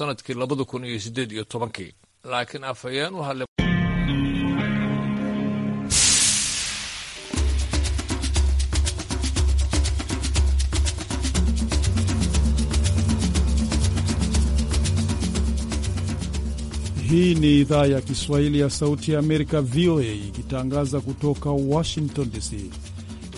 sanadkii labada kun iyo sideed iyo tobankii laakiin afhayeen u hadlay Hii ni idhaa ya Kiswahili ya Sauti ya Amerika, VOA, ikitangaza kutoka Washington DC.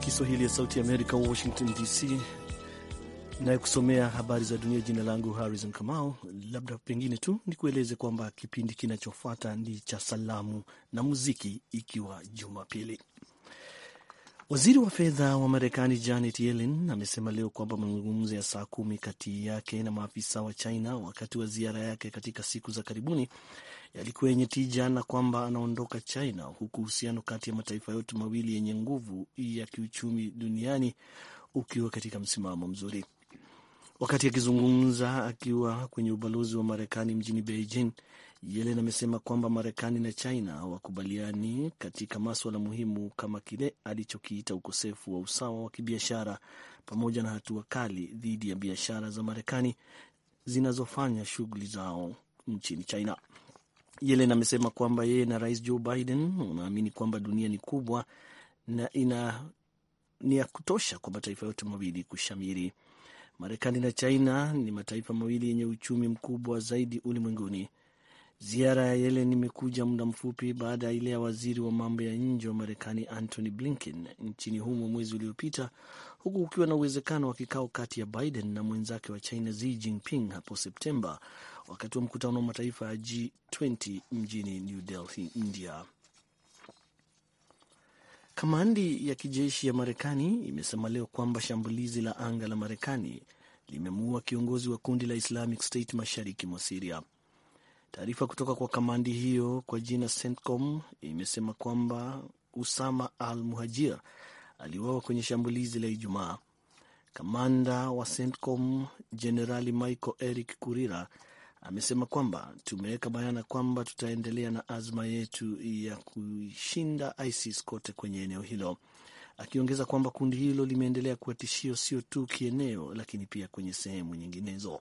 Kiswahili ya Sauti ya Amerika, Washington DC, nayekusomea habari za dunia. Jina langu Harrison Kamau. Labda pengine tu nikueleze kwamba kipindi kinachofuata ni cha salamu na muziki, ikiwa Jumapili. Waziri wa fedha wa Marekani Janet Yellen amesema leo kwamba mazungumzo ya saa kumi kati yake na maafisa wa China wakati wa ziara yake katika siku za karibuni yalikuwa yenye tija na kwamba anaondoka China, huku uhusiano kati ya mataifa yote mawili yenye nguvu ya kiuchumi duniani ukiwa katika msimamo mzuri. Wakati akizungumza akiwa kwenye ubalozi wa Marekani mjini Beijing, Yelen amesema kwamba Marekani na China hawakubaliani katika maswala muhimu kama kile alichokiita ukosefu wa usawa wa kibiashara pamoja na hatua kali dhidi ya biashara za Marekani zinazofanya shughuli zao nchini China. Yellen amesema kwamba yeye na Rais Joe Biden wanaamini kwamba dunia ni kubwa na ina ni ya kutosha kwa mataifa yote mawili kushamiri. Marekani na China ni mataifa mawili yenye uchumi mkubwa zaidi ulimwenguni. Ziara ya Yellen imekuja muda mfupi baada ya ile ya waziri wa mambo ya nje wa Marekani Antony Blinken nchini humo mwezi uliopita, huku kukiwa na uwezekano wa kikao kati ya Biden na mwenzake wa China Xi Jinping hapo Septemba, wakati wa mkutano wa mataifa ya G20 mjini New Delhi, India. Kamandi ya kijeshi ya Marekani imesema leo kwamba shambulizi la anga la Marekani limemuua kiongozi wa kundi la Islamic State mashariki mwa Siria. Taarifa kutoka kwa kamandi hiyo kwa jina CENTCOM imesema kwamba Usama al Muhajir aliuawa kwenye shambulizi la Ijumaa. Kamanda wa CENTCOM Jenerali Michael Eric Kurira amesema kwamba tumeweka bayana kwamba tutaendelea na azma yetu ya kuishinda ISIS kote kwenye eneo hilo, akiongeza kwamba kundi hilo limeendelea kuwa tishio sio tu kieneo, lakini pia kwenye sehemu nyinginezo.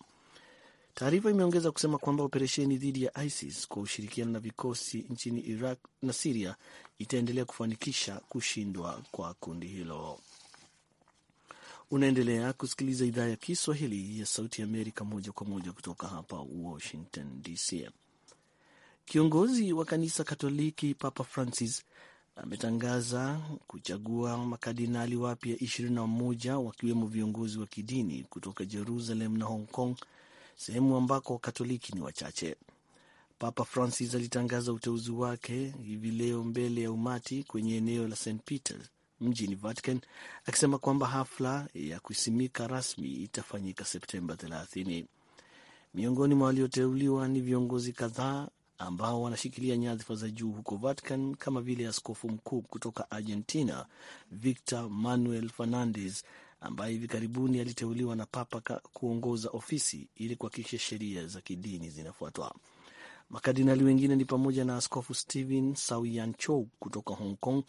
Taarifa imeongeza kusema kwamba operesheni dhidi ya ISIS kwa ushirikiano na vikosi nchini Iraq na Siria itaendelea kufanikisha kushindwa kwa kundi hilo. Unaendelea kusikiliza idhaa ya Kiswahili ya Sauti Amerika moja kwa moja kutoka hapa Washington DC. Kiongozi wa kanisa Katoliki Papa Francis ametangaza kuchagua makardinali wapya 21 wakiwemo viongozi wa kidini kutoka Jerusalem na Hong Kong, sehemu ambako Wakatoliki ni wachache. Papa Francis alitangaza uteuzi wake hivi leo mbele ya umati kwenye eneo la St Peter mjini Vatican akisema kwamba hafla ya kusimika rasmi itafanyika Septemba 30. Miongoni mwa walioteuliwa ni viongozi kadhaa ambao wanashikilia nyadhifa za juu huko Vatican kama vile askofu mkuu kutoka Argentina Victor Manuel Fernandez ambaye hivi karibuni aliteuliwa na Papa kuongoza ofisi ili kuhakikisha sheria za kidini zinafuatwa. Makardinali wengine ni pamoja na askofu Stephen Sauyanchou kutoka Hong Kong,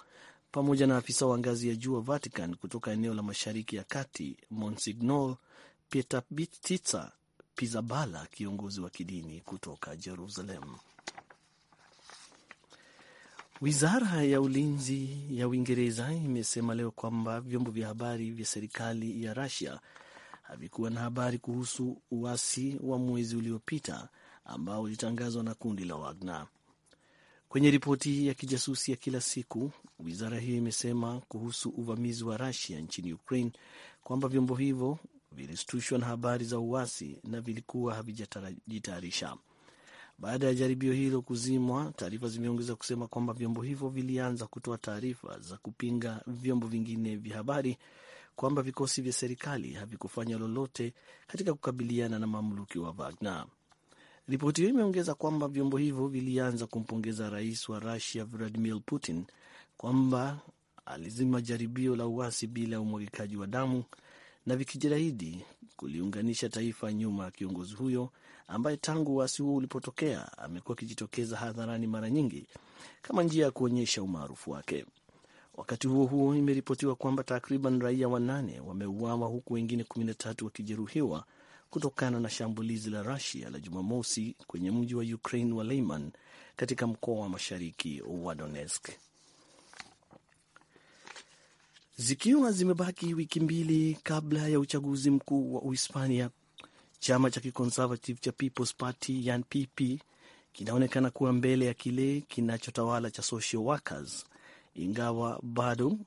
pamoja na afisa wa ngazi ya juu wa Vatican kutoka eneo la Mashariki ya Kati, Monsignor Pietrabitizza Pizabala, kiongozi wa kidini kutoka Jerusalem. Wizara ya ulinzi ya Uingereza imesema leo kwamba vyombo vya habari vya serikali ya rasia havikuwa na habari kuhusu uasi wa mwezi uliopita ambao ulitangazwa na kundi la Wagner. Kwenye ripoti ya kijasusi ya kila siku, wizara hiyo imesema kuhusu uvamizi wa Rusia nchini Ukraine kwamba vyombo hivyo vilishtushwa na habari za uasi na vilikuwa havijajitayarisha. Baada ya jaribio hilo kuzimwa, taarifa zimeongeza kusema kwamba vyombo hivyo vilianza kutoa taarifa za kupinga vyombo vingine vya habari kwamba vikosi vya serikali havikufanya lolote katika kukabiliana na mamluki wa Wagner. Ripoti hiyo imeongeza kwamba vyombo hivyo vilianza kumpongeza rais wa Rusia Vladimir Putin kwamba alizima jaribio la uasi bila ya umwagikaji wa damu na vikijitahidi kuliunganisha taifa nyuma ya kiongozi huyo ambaye tangu uasi huo ulipotokea amekuwa akijitokeza hadharani mara nyingi kama njia ya kuonyesha umaarufu wake. Wakati huo huo, imeripotiwa kwamba takriban raia wanane wameuawa huku wengine tatu wakijeruhiwa kutokana na shambulizi la Rusia la Jumamosi kwenye mji wa Ukraine wa Lyman katika mkoa wa mashariki wa Donetsk. Zikiwa zimebaki wiki mbili kabla ya uchaguzi mkuu wa Uhispania, chama cha kiconservative cha People's Party yan PP kinaonekana kuwa mbele ya kile kinachotawala cha social workers, ingawa bado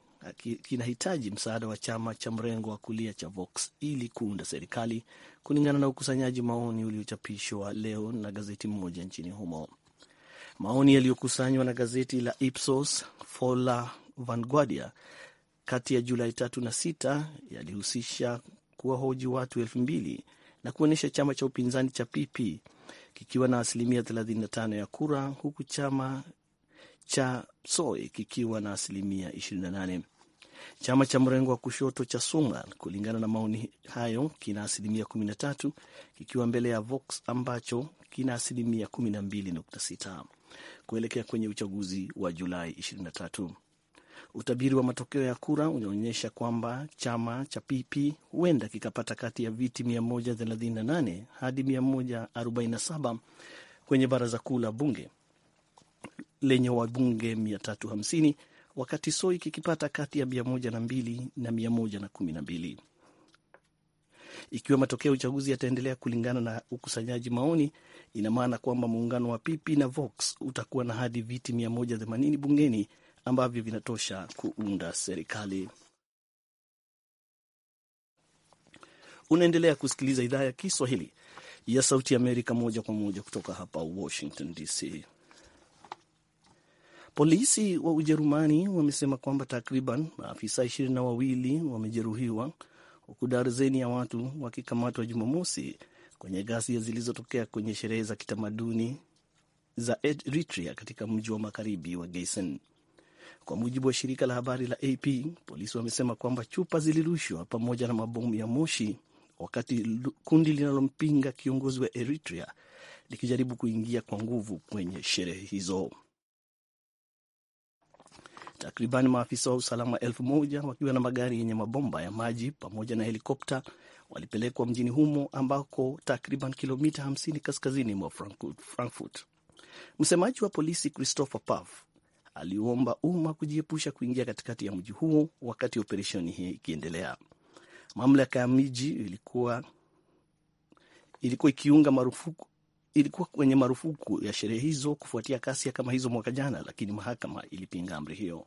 kinahitaji msaada wa chama cha mrengo wa kulia cha Vox ili kuunda serikali, kulingana na ukusanyaji maoni uliochapishwa leo na gazeti mmoja nchini humo. Maoni yaliyokusanywa na gazeti la Ipsos Fola Vanguardia kati ya Julai tatu na sita yalihusisha kuwahoji watu elfu mbili na kuonyesha chama cha upinzani cha PP kikiwa na asilimia 35 ya kura huku chama cha Tsoe kikiwa na asilimia 28. Chama cha mrengo wa kushoto cha Sunga, kulingana na maoni hayo, kina asilimia 13 kikiwa mbele ya Vox ambacho kina asilimia 12.6 kuelekea kwenye uchaguzi wa Julai 23. Utabiri wa matokeo ya kura unaonyesha kwamba chama cha PP huenda kikapata kati ya viti 138 hadi 147 kwenye baraza kuu la bunge lenye wabunge 350 wakati Soi kikipata kati ya 102 na 112. Ikiwa matokeo ya uchaguzi yataendelea kulingana na ukusanyaji maoni, ina maana kwamba muungano wa Pipi na Vox utakuwa na hadi viti 180 bungeni ambavyo vinatosha kuunda serikali. Unaendelea kusikiliza idhaa ya Kiswahili ya Sauti ya Amerika moja kwa moja kutoka hapa Washington DC. Polisi wa Ujerumani wamesema kwamba takriban maafisa ishirini na wawili wamejeruhiwa huku darzeni ya watu wakikamatwa Jumamosi kwenye ghasia zilizotokea kwenye sherehe za kitamaduni za Eritrea katika mji wa magharibi wa Gesen. Kwa mujibu wa shirika la habari la AP, polisi wamesema kwamba chupa zilirushwa pamoja na mabomu ya moshi wakati kundi linalompinga kiongozi wa Eritrea likijaribu kuingia kwa nguvu kwenye sherehe hizo. Takriban maafisa wa usalama elfu moja wakiwa na magari yenye mabomba ya maji pamoja na helikopta walipelekwa mjini humo ambako takriban kilomita 50 kaskazini mwa Frankfurt. Msemaji wa polisi Christopher Paf aliomba umma kujiepusha kuingia katikati ya mji huo wakati operesheni hii ikiendelea. Mamlaka ya miji ilikuwa ilikuwa ikiunga marufuku ilikuwa kwenye marufuku ya sherehe hizo kufuatia kasi ya kama hizo mwaka jana, lakini mahakama ilipinga amri hiyo.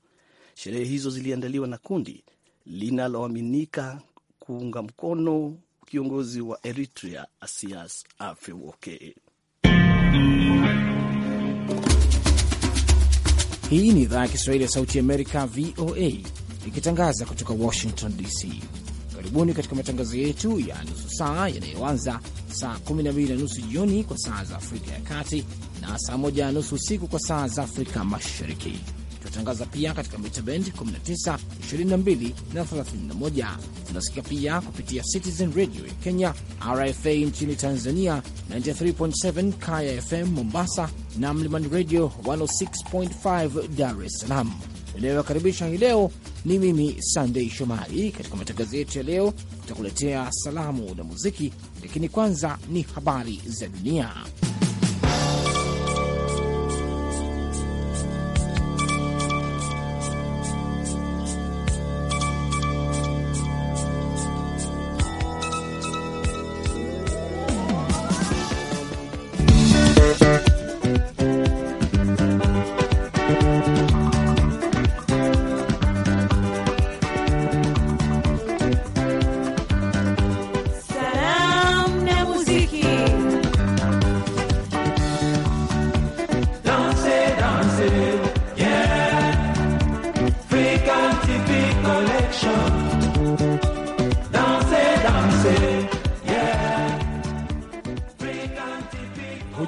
Sherehe hizo ziliandaliwa na kundi linaloaminika kuunga mkono kiongozi wa Eritrea Asias Afewoke. Hii ni idhaa ya Kiswahili ya Sauti Amerika, VOA, ikitangaza kutoka Washington DC. Karibuni katika matangazo yetu ya nusu saa yanayoanza saa 12 na nusu jioni kwa saa za Afrika ya Kati na saa 1 na nusu usiku kwa saa za Afrika Mashariki. Tunatangaza pia katika mita bend 19, 22 na 31. tunasikika pia kupitia Citizen Radio ya Kenya, RFA nchini Tanzania 93.7, Kaya FM Mombasa na Mlimani Radio 106.5 Dar es Salaam inayowakaribisha hii leo. Ni mimi Sandei Shomari. Katika matangazo yetu ya leo, tutakuletea salamu na muziki, lakini kwanza ni habari za dunia.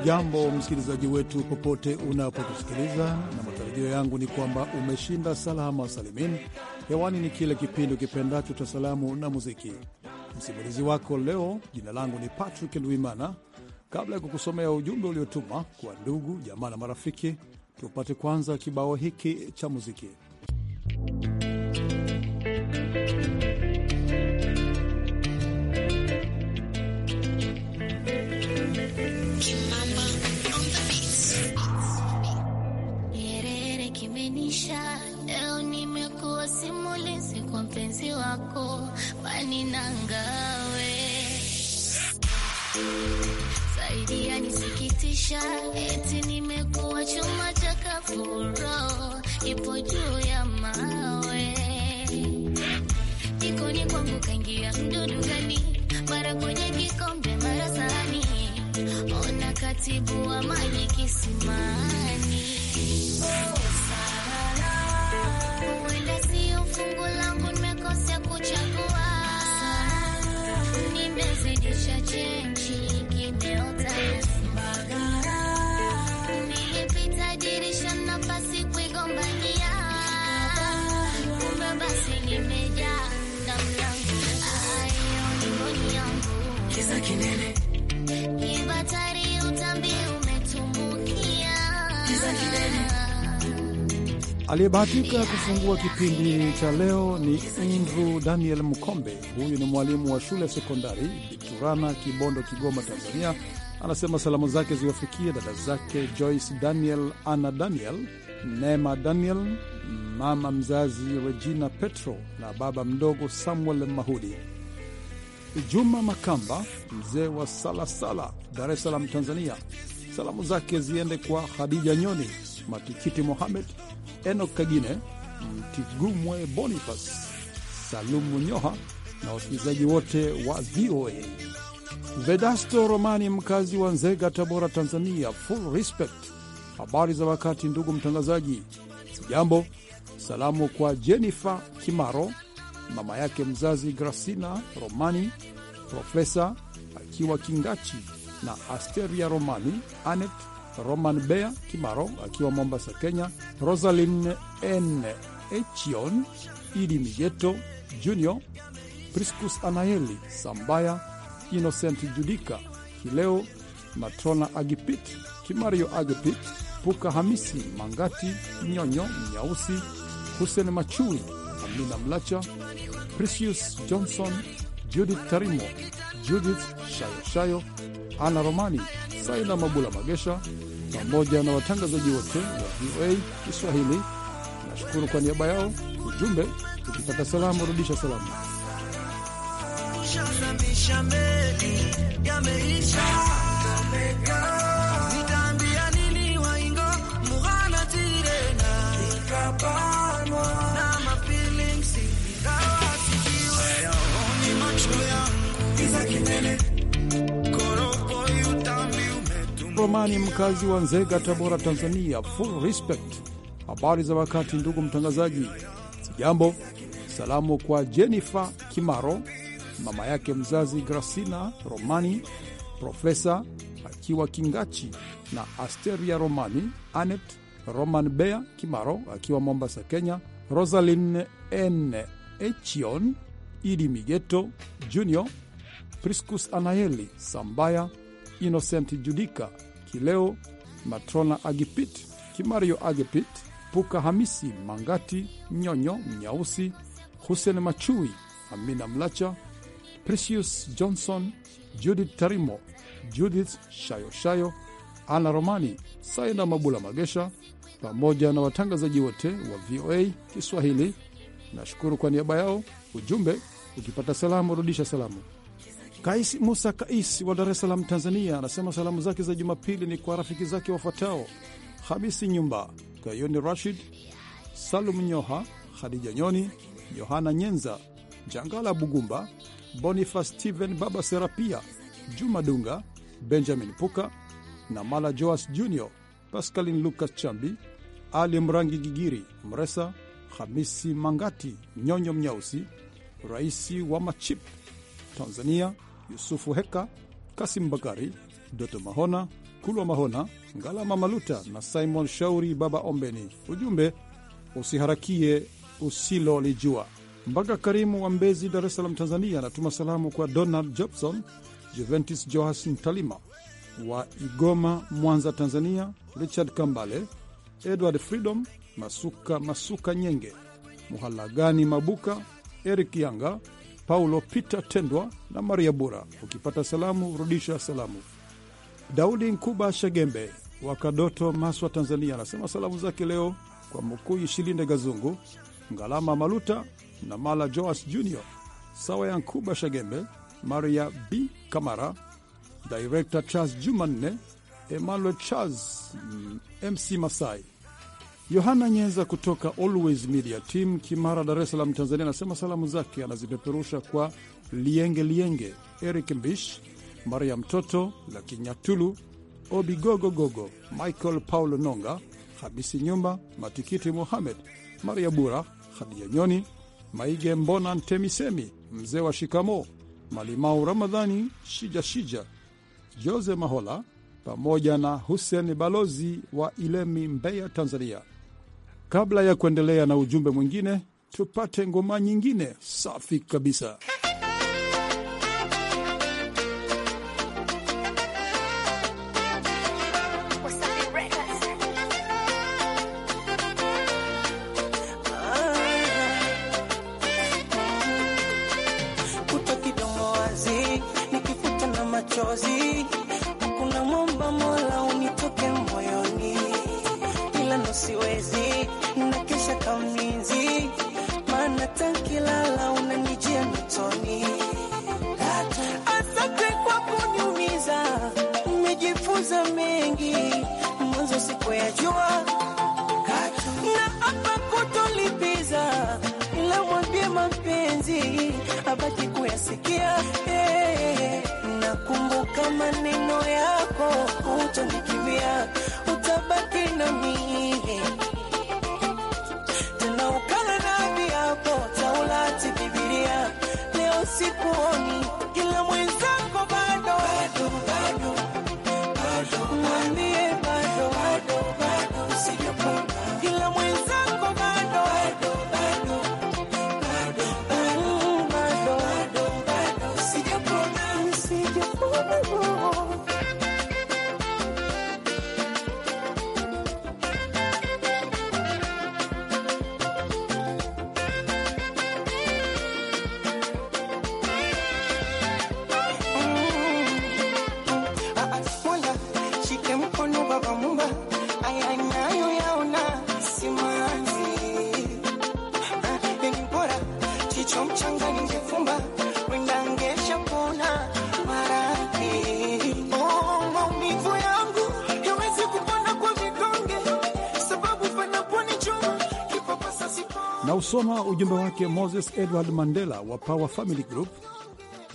Hujambo msikilizaji wetu popote unapotusikiliza, na matarajio yangu ni kwamba umeshinda salama salimin. Hewani ni kile kipindi ukipendacho cha salamu na muziki. Msimulizi wako leo, jina langu ni Patrick Luimana. Kabla ya kukusomea ujumbe uliotuma kwa ndugu jamaa na marafiki, tupate kwanza kibao hiki cha muziki. maisha leo nimekuwa simulizi kwa mpenzi wako pani nangawe zaidi ya nisikitisha eti nimekuwa chuma cha kafuro ipo juu ya mawe jikoni kwangu kaingia mdudu gani mara kwenye kikombe mara sahani ona katibu wa maji kisimani oh. Chungu langu nimekosea kuchagua, nimezidisha chenji kimeota Mbagara, nilipita dirisha nafasi kuigombania, kumbe basi limejaa damu yangu, ayo ni yangu kisa kinene Aliyebahatika kufungua kipindi cha leo ni Andrew Daniel Mkombe. Huyu ni mwalimu wa shule ya sekondari Biturana, Kibondo, Kigoma, Tanzania. Anasema salamu zake ziwafikie dada zake Joyce Daniel, Ana Daniel, Neema Daniel, mama mzazi Regina Petro na baba mdogo Samuel Mahudi. Juma Makamba, mzee wa Salasala, Dar es Salaam, Tanzania. Salamu zake ziende kwa Khadija Nyoni, Matikiti Mohamed Enoch Kagine, Mtigumwe Boniface, Salumu Nyoha na wasikilizaji wote wa VOA. Vedasto Romani, mkazi wa Nzega, Tabora, Tanzania, full respect. Habari za wakati, ndugu mtangazaji. Sijambo. Salamu kwa Jennifer Kimaro, mama yake mzazi Grasina Romani, Profesa akiwa Kingachi na Asteria Romani, Anet Roman Bea Kimaro akiwa Mombasa, Kenya, Rosalin N Echion, Idi Migeto Junior, Priscus Anaeli Sambaya, Innocent Judika Kileo, Matrona Agipit Kimario Agipit, Puka Hamisi Mangati, Nyonyo Nyausi, Hussein Machui, Amina Mlacha, Precious Johnson, Judith Tarimo, Judith Shayoshayo, Ana Romani, saina Mabula Magesha, pamoja na watangazaji wote wa VOA Kiswahili. Nashukuru kwa niaba yao. Ujumbe, ukipata salamu rudisha salamu. Romani, mkazi wa Nzega, Tabora, Tanzania. Full respect. Habari za wakati, ndugu mtangazaji. Jambo, salamu kwa Jennifer Kimaro, mama yake mzazi Grasina Romani, Profesa akiwa Kingachi na Asteria Romani, Anet Roman Bea Kimaro akiwa Mombasa, Kenya, Rosalin N Echion, Idi Migeto Junior, Priscus anaeli Sambaya, Innocent Judika Kileo, Matrona Agipit, Kimario Agipit, Puka Hamisi Mangati, Nyonyo Mnyausi, Hussein Machui, Amina Mlacha, Precious Johnson, Judith Tarimo, Judith Shayoshayo, Ana Romani, Saina Mabula Magesha, pamoja na watangazaji wote wa VOA Kiswahili. Nashukuru kwa niaba yao. Ujumbe ukipata salamu, rudisha salamu. Kais Musa Kais wa Dar es Salaam, Tanzania, anasema salamu zake za Jumapili ni kwa rafiki zake wafuatao: Hamisi Nyumba, Gayoni Rashid, Salum Nyoha, Khadija Nyoni, Yohana Nyenza, Jangala Bugumba, Bonifas Steven, Baba Serapia, Juma Dunga, Benjamin Puka na Mala Joas Junior, Pascalin Lucas Chambi, Ali Mrangi Gigiri Mresa, Hamisi Mangati, Nyonyo Mnyausi, Raisi wa Machip Tanzania, Yusufu Heka, Kasim Bakari, Doto Mahona, Kulwa Mahona, Ngalama Maluta na Simon Shauri Baba Ombeni. Ujumbe, usiharakie usilolijua. Mbaga Karimu wa Mbezi, Dar es Salaam, Tanzania, anatuma salamu kwa Donald Jobson, Juventus Joas Mtalima wa Igoma, Mwanza, Tanzania, Richard Kambale, Edward Freedom Masuka, Masuka Nyenge, Muhalagani Mabuka, Eric Yanga Paulo Peter Tendwa na Maria Bura. Ukipata salamu, rudisha salamu. Daudi Nkuba Shegembe wa Kadoto, Maswa, Tanzania, anasema salamu zake leo kwa Mkuu Shilinde Gazungu, Ngalama Maluta na Mala Joas Junior, Sawa ya Nkuba Shegembe, Maria B Kamara, Direkta Charles Jumanne, Emmanuel Charles, MC mm, Masai Yohana Nyenza kutoka Always Media Team, Kimara, Dar es Salaam, Tanzania, anasema salamu zake anazipeperusha kwa Lienge Lienge, Eric Mbish, Nyatulu, Toto, Gogo Gogo, Michael paul Nonga, Habisi Nyumba, Matikiti muhamed Maria Bura, Hadia Nyoni, Maige Mbona, Ntemisemi, Mzee wa Shikamo, Malimau Ramadhani, Shija Shija, Jose Mahola pamoja na Hussein Balozi wa Ilemi, Mbeya, Tanzania. Kabla ya kuendelea na ujumbe mwingine, tupate ngoma nyingine safi kabisa. Nausoma ujumbe wake Moses Edward Mandela wa Power Family Group,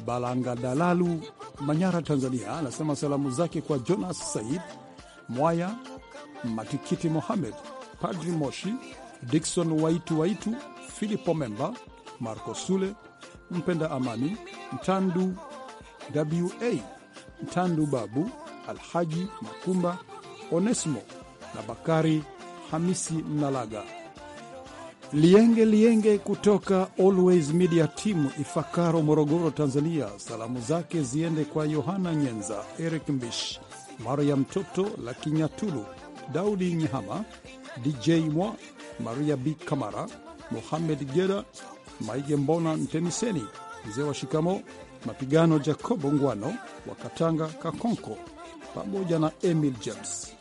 Balangadalalu, Manyara, Tanzania. Anasema salamu zake kwa Jonas Said Mwaya, Matikiti Mohamed, Padri Moshi, Dikson Waitu Waitu, Filipo Memba, Marco Sule, Mpenda Amani, Mtandu wa Mtandu, Babu Alhaji Makumba, Onesimo na Bakari Hamisi Mnalaga. Lienge Lienge kutoka Always Media Team, Ifakaro, Morogoro, Tanzania. Salamu zake ziende kwa Yohana Nyenza, Eric Mbish, Mariam Toto kinyatulu Daudi nyahama DJ Mwa, Maria B Kamara, Mohamed Gera, Maige Mbona Ntemiseni, mzee wa shikamo mapigano, Jacobo Ngwano wa Katanga Kakonko, pamoja na Emil James.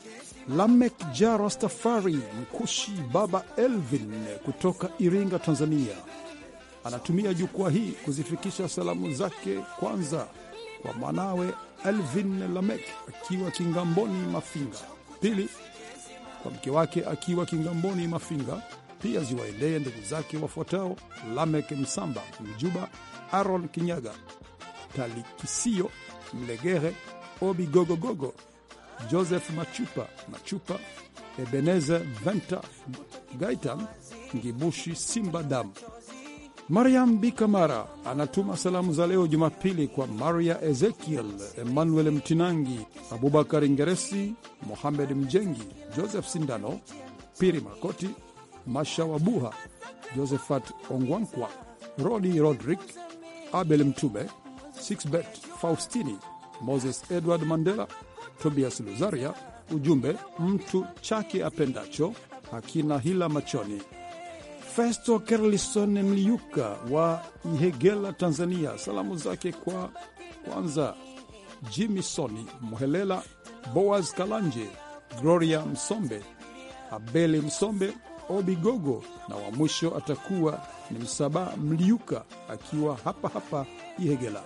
Lamek Ja Rastafari, mkushi baba Elvin kutoka Iringa, Tanzania, anatumia jukwaa hii kuzifikisha salamu zake kwanza kwa mwanawe Elvin Lamek akiwa Kingamboni Mafinga, pili kwa mke wake akiwa Kingamboni Mafinga. Pia ziwaendee ndugu zake wafuatao: Lamek Msamba Mjuba, Aron Kinyaga, Talikisio Mlegere, Obi Gogogogo Joseph Machupa, Machupa Ebenezer Venta, Gaitan Ngibushi, Simba Damu. Mariam Bikamara anatuma salamu za leo Jumapili kwa Maria Ezekiel, Emmanuel Mtinangi, Abubakar Ngeresi, Mohamed Mjengi, Joseph Sindano, Piri Makoti, Masha Wabuha, Josephat Ongwankwa, Rodi Rodrik, Abel Mtume, Sixbet Faustini, Moses Edward Mandela Tobias Luzaria, ujumbe mtu chake apendacho hakina hila machoni. Festo Kerlison Mliuka wa Ihegela, Tanzania, salamu zake kwa kwanza Jimisoni Mhelela, Boaz Kalanje, Gloria Msombe, Abeli Msombe, Obigogo na wa mwisho atakuwa ni Msaba Mliuka akiwa hapa hapa Ihegela.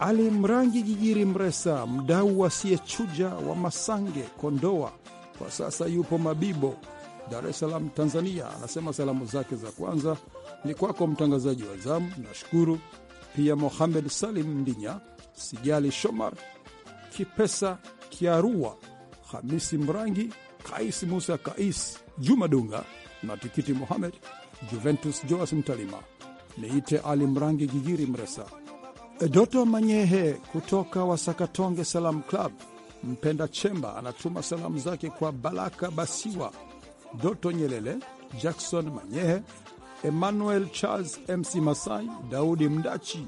Ali Mrangi Gigiri Mresa, mdau asiyechuja wa Masange, Kondoa, kwa sasa yupo Mabibo, Dar es Salaam, Tanzania, anasema salamu zake za kwanza ni kwako mtangazaji wa zamu, nashukuru pia Mohamed Salim Ndinya, Sijali Shomar Kipesa, Kiarua Hamisi Mrangi, Kais Musa Kais, Juma Dunga na Tikiti Mohamed, Juventus Joas Mtalima. Niite Ali Mrangi Gigiri Mresa. Doto Manyehe kutoka Wasakatonge Salam Club, Mpenda Chemba, anatuma salamu zake kwa Baraka Basiwa, Doto Nyelele, Jackson Manyehe, Emmanuel Charles, MC Masai, Daudi Mdachi,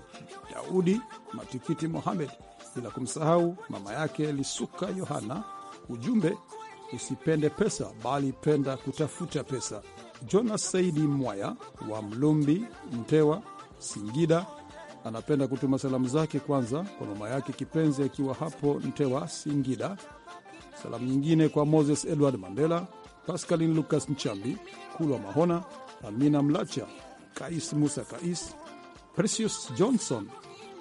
Daudi Matikiti, Mohamed, bila kumsahau mama yake Lisuka Yohana. Ujumbe, usipende pesa bali penda kutafuta pesa. Jonas Saidi Mwaya wa Mlumbi, Mtewa, Singida Anapenda kutuma salamu zake kwanza kwa mama yake kipenzi akiwa hapo Ntewa, Singida. Salamu nyingine kwa Moses Edward Mandela, Pascalin Lucas Nchambi, Kulwa Mahona, Amina Mlacha, Kais Musa Kais, Precious Johnson,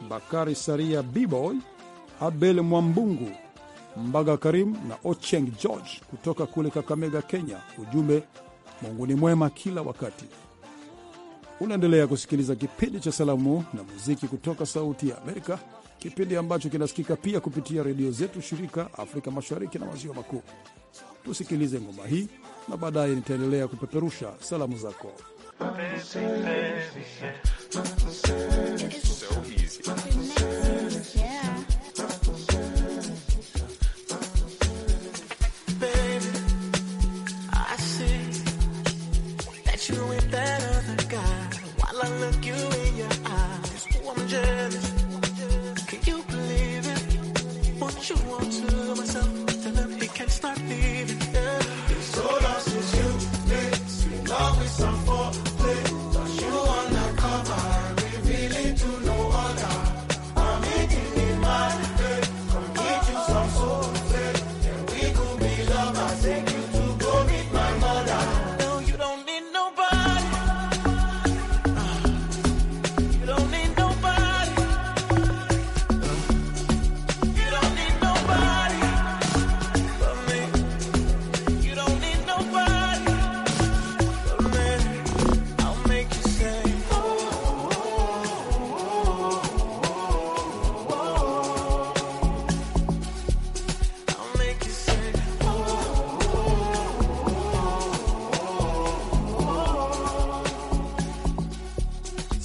Bakari Saria, Bboy Abel Mwambungu, Mbaga Karim na Ocheng George kutoka kule Kakamega, Kenya. Ujumbe, Mungu ni mwema kila wakati. Unaendelea kusikiliza kipindi cha Salamu na Muziki kutoka Sauti ya Amerika, kipindi ambacho kinasikika pia kupitia redio zetu shirika Afrika Mashariki na Maziwa Makuu. Tusikilize ngoma hii na baadaye nitaendelea kupeperusha salamu zako. So easy.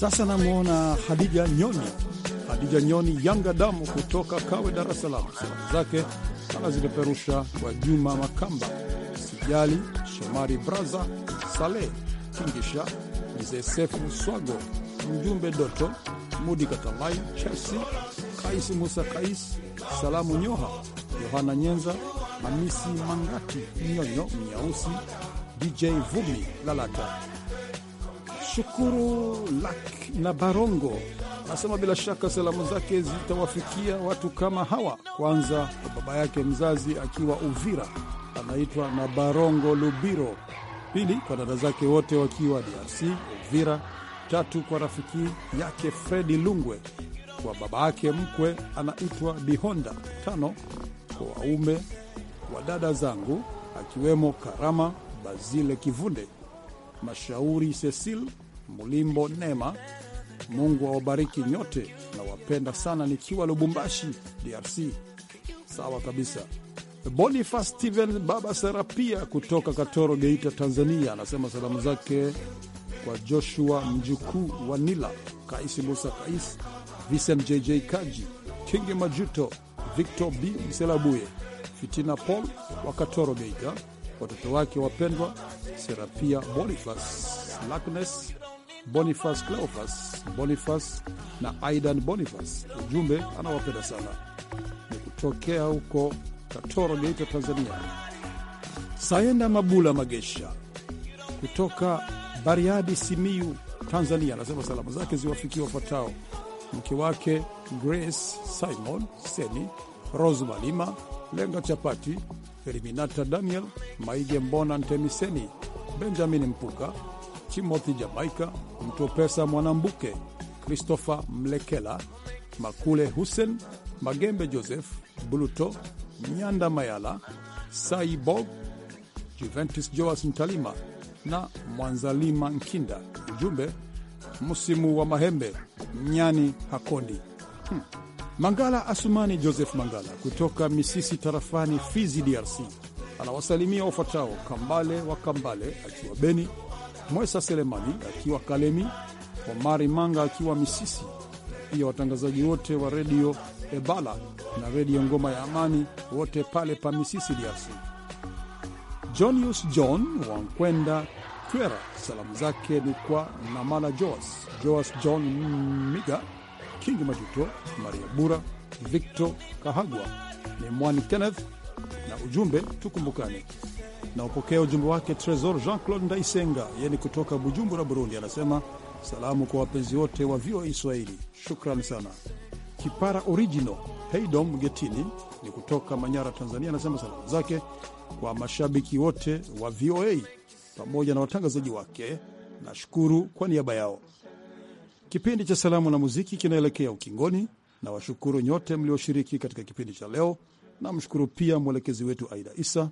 Sasa namwona Hadija Nyoni. Hadija Nyoni Yanga Damu kutoka Kawe, Dar es Salaam. Salamu zake anazipeperusha kwa Juma Makamba, Sijali Shomari, Braza Saleh Kingisha, Mzee Sefu Swago, Mjumbe Doto Mudi, Katalai Chesi, Kais Musa Kais, Salamu Nyoha, Yohana Nyenza, Hamisi Mangati, Nyonyo Mnyausi, DJ Vumi Lalata Shukuru Lak na Barongo anasema bila shaka salamu zake zitawafikia watu kama hawa. Kwanza kwa baba yake mzazi akiwa Uvira, anaitwa na Barongo Lubiro. Pili kwa dada zake wote wakiwa DRC Uvira. Tatu kwa rafiki yake Fredi Lungwe, kwa baba yake mkwe anaitwa Bihonda. Tano kwa waume wa dada zangu akiwemo Karama Bazile Kivunde, Mashauri Cecil mulimbo Nema. Mungu awabariki nyote, nawapenda sana nikiwa Lubumbashi, DRC. Sawa kabisa. Boniface Steven Baba Serapia kutoka Katoro, Geita, Tanzania, anasema salamu zake kwa Joshua mjukuu wa Nila, Kaisi Musa, Kais Vincent, JJ Kaji, Kingi Majuto, Victor B Mselabuye, Fitina Paul wa Katoro, Geita, watoto wake wapendwa Serapia, Boniface, Lakness Bonifas Cleofas bonifas na Aidan bonifas Ujumbe anawapenda sana. Ni kutokea huko Katoro, Geita, Tanzania. Sayenda Mabula Magesha kutoka Bariadi, simiu Tanzania, anasema salamu zake ziwafikie wafuatao: mke wake Grace Simon Seni, Rose Malima, Lenga Chapati, Eliminata Daniel Maige, Mbona Ntemiseni, Benjamin Mpuka Timothy Jamaika, Mtopesa Mwanambuke, Christopher Mlekela, Makule Hussein, Magembe Joseph, Buluto Nyanda Mayala, Saibog, Juventus Joas Mtalima na Mwanzalima Nkinda. Ujumbe, msimu wa mahembe nyani hakondi. Hmm. Mangala Asumani Joseph Mangala kutoka Misisi tarafani Fizi, DRC anawasalimia wafuatao: Kambale wa Kambale akiwa Beni, Mwesa Selemani akiwa Kalemi, Omari Manga akiwa Misisi, pia watangazaji wote wa redio Ebala na redio Ngoma ya Amani, wote pale pa Misisi diasi Jonius John Wankwenda Twera, salamu zake ni kwa Namala Joas, Joas John Miga, King Majuto, Maria Bura, Victor Kahagwa, Nimwani Kenneth na ujumbe tukumbukane na upokea ujumbe wake. Tresor Jean-Claude Ndaisenga, yeye ni kutoka Bujumbura, Burundi, anasema salamu kwa wapenzi wote wa VOA Swahili, shukrani sana. Kipara Original Heidom Getini ni kutoka Manyara, Tanzania, anasema salamu zake kwa mashabiki wote wa VOA pamoja na watangazaji wake, nashukuru kwa niaba yao. Kipindi cha salamu na muziki kinaelekea ukingoni, na washukuru nyote mlioshiriki katika kipindi cha leo. Namshukuru pia mwelekezi wetu Aida Isa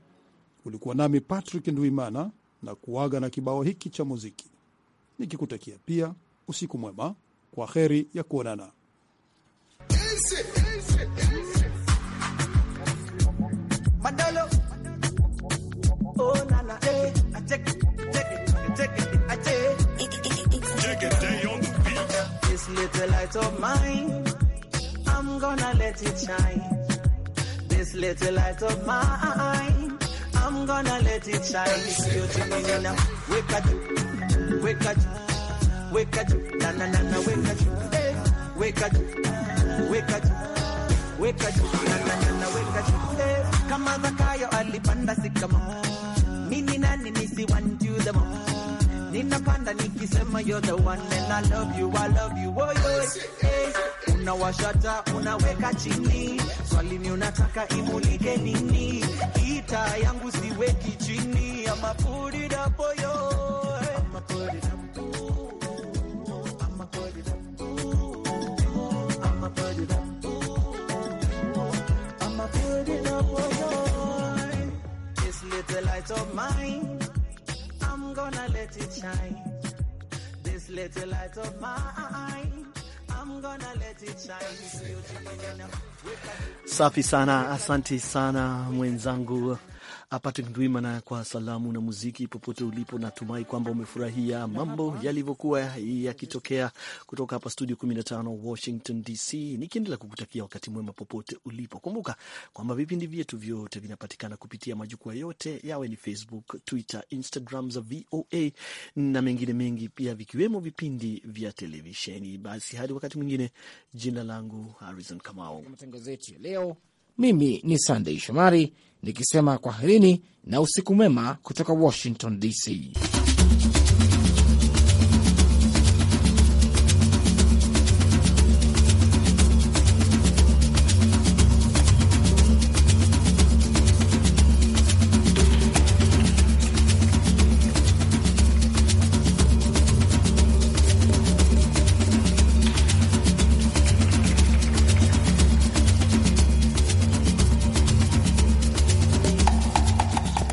Ulikuwa nami Patrick nduimana na kuaga na kibao hiki cha muziki, nikikutakia pia usiku mwema. Kwa heri ya kuonana. This little light of mine, I'm gonna let it shine. It's beauty in a wake up, wake up, wake up, na na na na wake up, wake up, wake up, wake up, na na na na wake up. Kama Zakayo alipanda sikama, mimi nani nisiwanjudama ninapanda nikisema you're the one and I love you, I love you, oh yo. Unawashata unaweka chini, swali ni unataka imulike nini? Ita yangu siweki chini, ama put it up, for you. little light of mine I'm gonna let it shine. This little light of mine. I'm gonna let it shine. Safi sana, asanti sana mwenzangu Apate Ndwimana kwa salamu na muziki popote ulipo. Natumai kwamba umefurahia mambo yalivyokuwa yakitokea kutoka hapa studio 15 Washington DC, nikiendelea kukutakia wakati mwema popote ulipo. Kumbuka kwamba vipindi vyetu vyote vinapatikana kupitia majukwaa yote, yawe ni Facebook, Twitter, Instagram za VOA na mengine mengi, pia vikiwemo vipindi vya televisheni. Basi hadi wakati mwingine, jina langu Harrison Kamau. Mimi ni Sandei Shomari nikisema kwaherini na usiku mwema kutoka Washington DC.